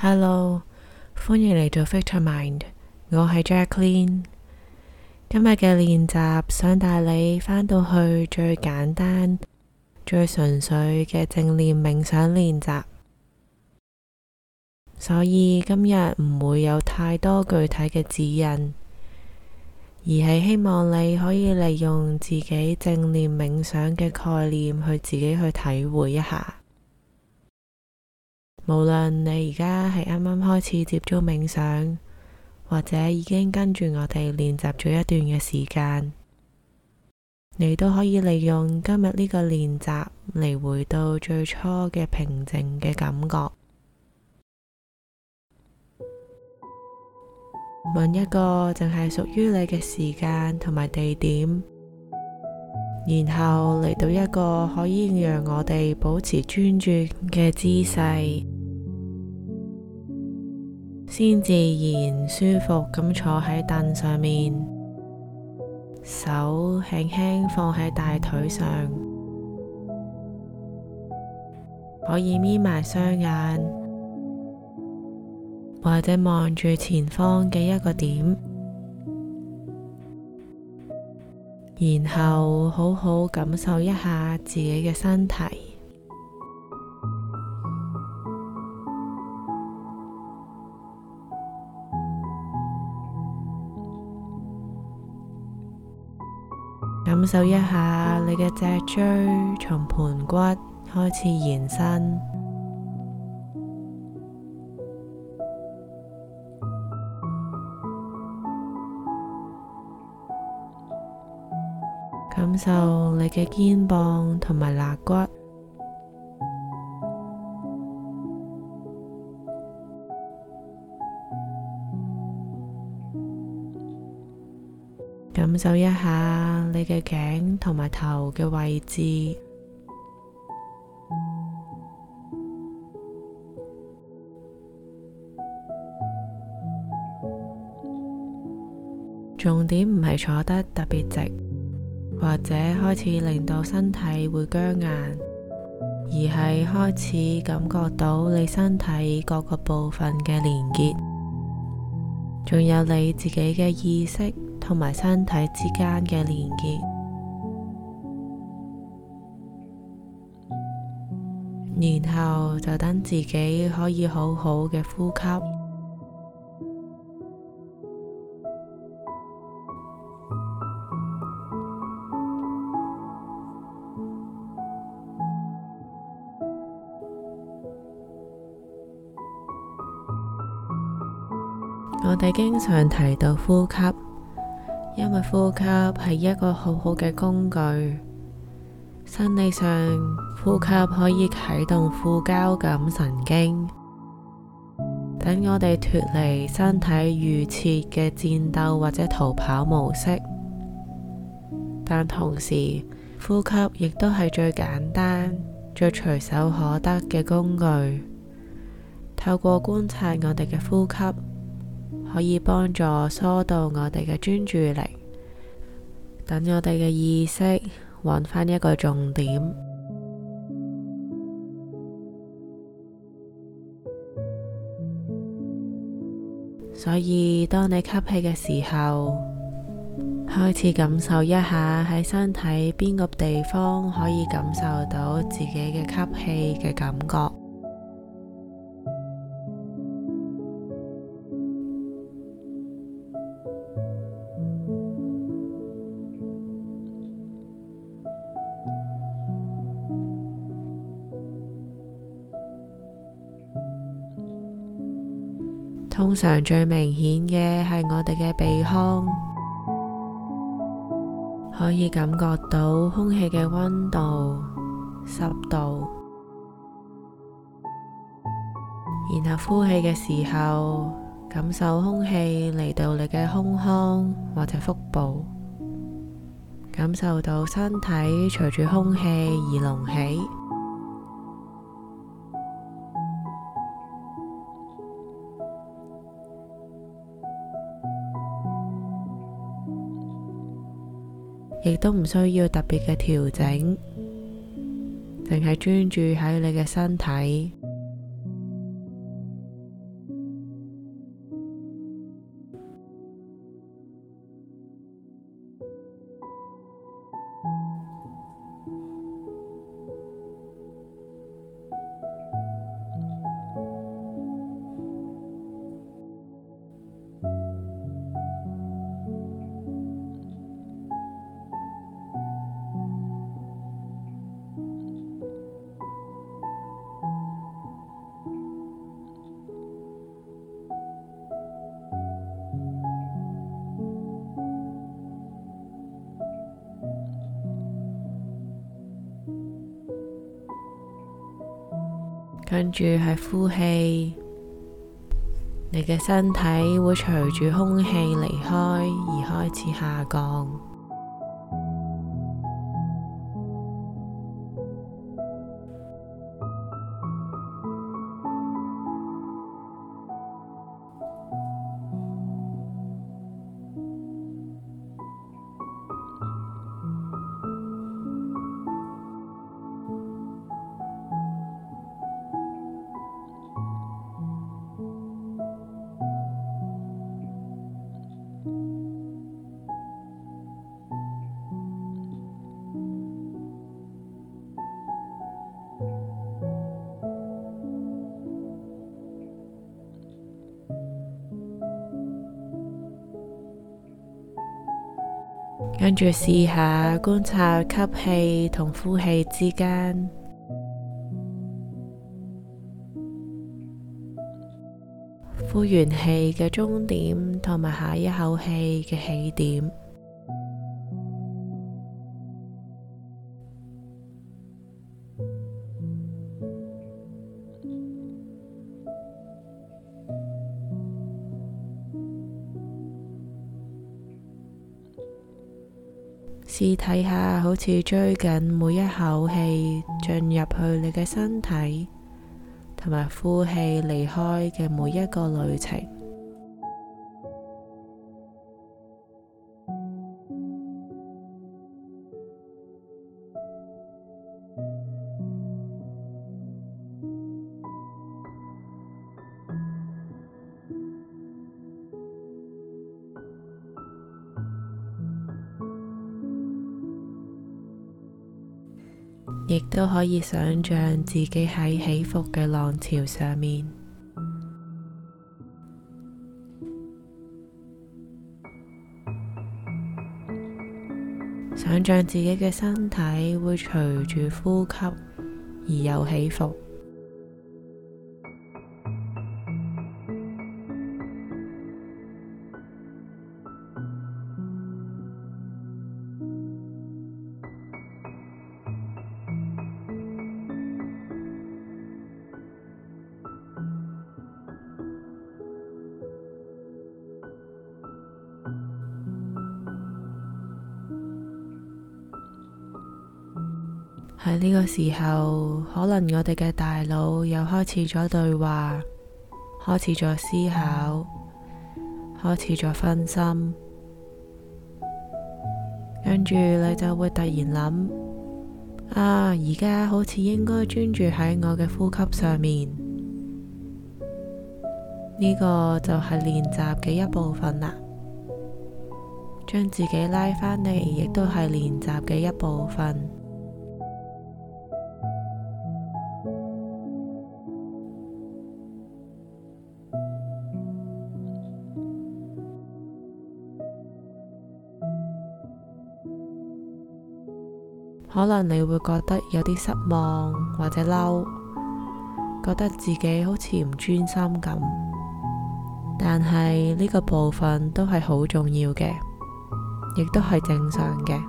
Hello，歡迎嚟到 Vitamind，我係 Jaclyn。今日嘅練習想帶你翻到去最簡單、最純粹嘅正念冥想練習，所以今日唔會有太多具體嘅指引，而係希望你可以利用自己正念冥想嘅概念去自己去體會一下。無論你而家係啱啱開始接觸冥想，或者已經跟住我哋練習咗一段嘅時間，你都可以利用今日呢個練習嚟回到最初嘅平靜嘅感覺。搵一個淨係屬於你嘅時間同埋地點，然後嚟到一個可以讓我哋保持專注嘅姿勢。先自然舒服咁坐喺凳上面，手輕輕放喺大腿上，可以眯埋雙眼，或者望住前方嘅一個點，然後好好感受一下自己嘅身體。感受一下你嘅脊椎，從盤骨開始延伸，感受你嘅肩膀同埋肋骨，感受一下。你嘅頸同埋頭嘅位置，重點唔係坐得特別直，或者開始令到身體會僵硬，而係開始感覺到你身體各個部分嘅連結，仲有你自己嘅意識。同埋身體之間嘅連結，然後就等自己可以好好嘅呼吸。我哋經常提到呼吸。因為呼吸係一個好好嘅工具，生理上呼吸可以啟動副交感神經，等我哋脫離身體預設嘅戰鬥或者逃跑模式。但同時，呼吸亦都係最簡單、最隨手可得嘅工具。透過觀察我哋嘅呼吸。可以幫助疏導我哋嘅專注力，等我哋嘅意識揾返一個重點。所以，當你吸氣嘅時候，開始感受一下喺身體邊個地方可以感受到自己嘅吸氣嘅感覺。通常最明顯嘅係我哋嘅鼻腔，可以感覺到空氣嘅温度、濕度。然後呼氣嘅時候，感受空氣嚟到你嘅胸腔或者腹部，感受到身體隨住空氣而隆起。亦都唔需要特別嘅調整，淨係專注喺你嘅身體。跟住係呼氣，你嘅身體會隨住空氣離開而開始下降。跟住試下觀察吸氣同呼氣之間，呼完氣嘅終點同埋下一口氣嘅起點。試睇下，好似追緊每一口氣進入去你嘅身體，同埋呼氣離開嘅每一個旅程。亦都可以想象自己喺起伏嘅浪潮上面，想象自己嘅身體會隨住呼吸而有起伏。呢個時候，可能我哋嘅大腦又開始咗對話，開始咗思考，開始咗分心，跟住你就會突然諗：啊，而家好似應該專注喺我嘅呼吸上面。呢個就係練習嘅一部分啦，將自己拉返嚟，亦都係練習嘅一部分。可能你會覺得有啲失望或者嬲，覺得自己好似唔專心咁。但係呢個部分都係好重要嘅，亦都係正常嘅。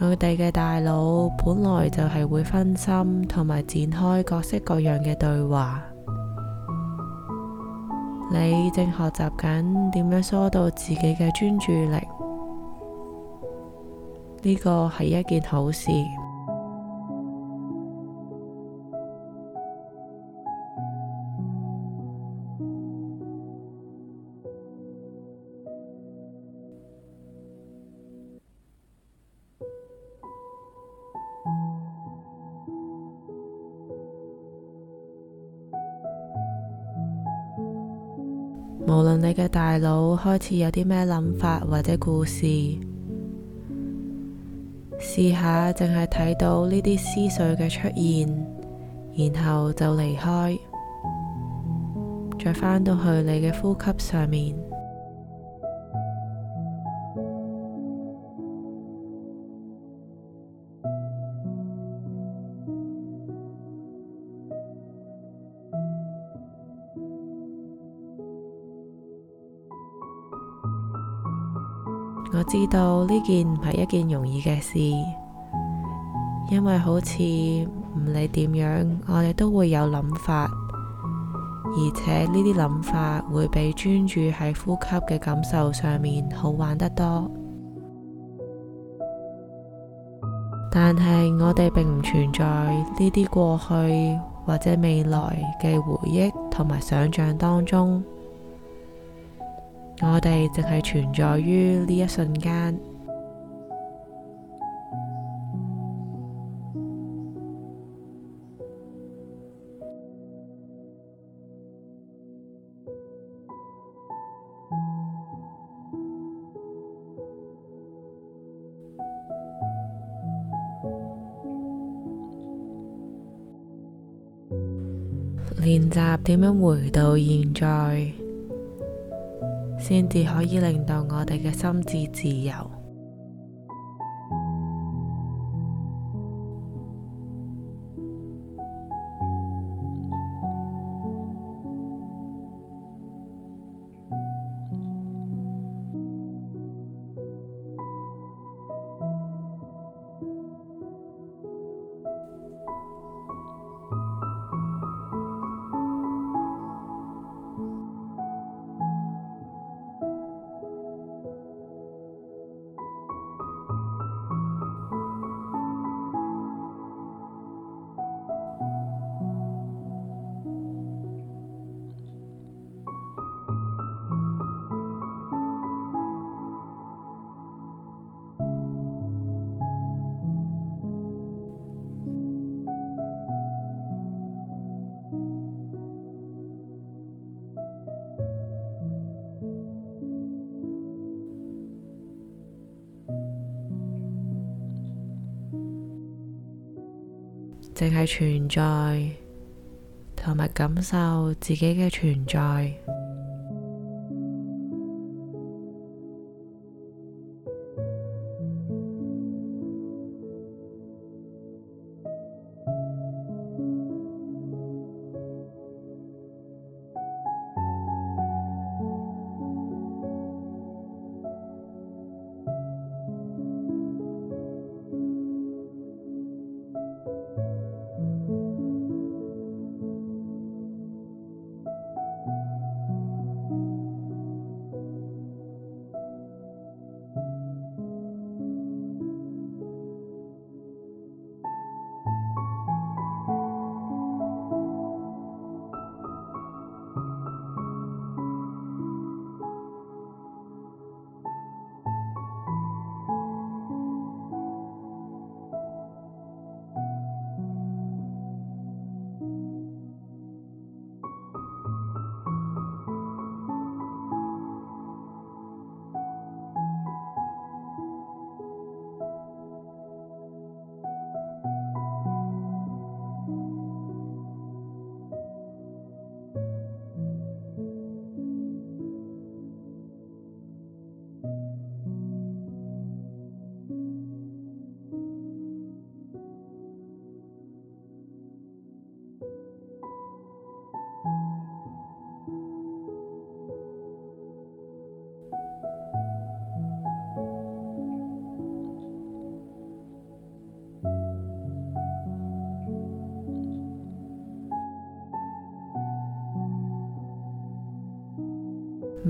我哋嘅大腦本來就係會分心同埋展開各式各樣嘅對話。你正學習緊點樣疏導自己嘅專注力。呢個係一件好事，無論你嘅大腦開始有啲咩諗法或者故事。試下淨係睇到呢啲思緒嘅出現，然後就離開，再返到去你嘅呼吸上面。我知道呢件唔係一件容易嘅事，因為好似唔理點樣，我哋都會有諗法，而且呢啲諗法會比專注喺呼吸嘅感受上面好玩得多。但係我哋並唔存在呢啲過去或者未來嘅回憶同埋想象當中。我哋淨係存在於呢一瞬間。嗯、練習點樣回到現在？先至可以令到我哋嘅心智自由。淨係存在，同埋感受自己嘅存在。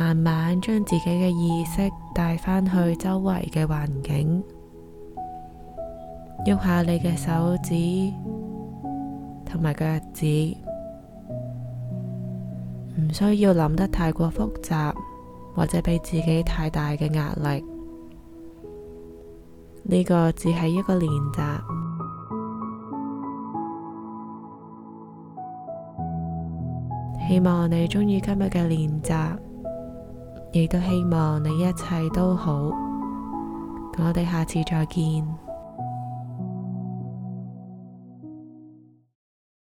慢慢將自己嘅意識帶返去周圍嘅環境，喐下你嘅手指同埋腳趾，唔需要諗得太過複雜，或者俾自己太大嘅壓力。呢、呢個只係一個練習，希望你鍾意今日嘅練習。亦都希望你一切都好，我哋下次再見。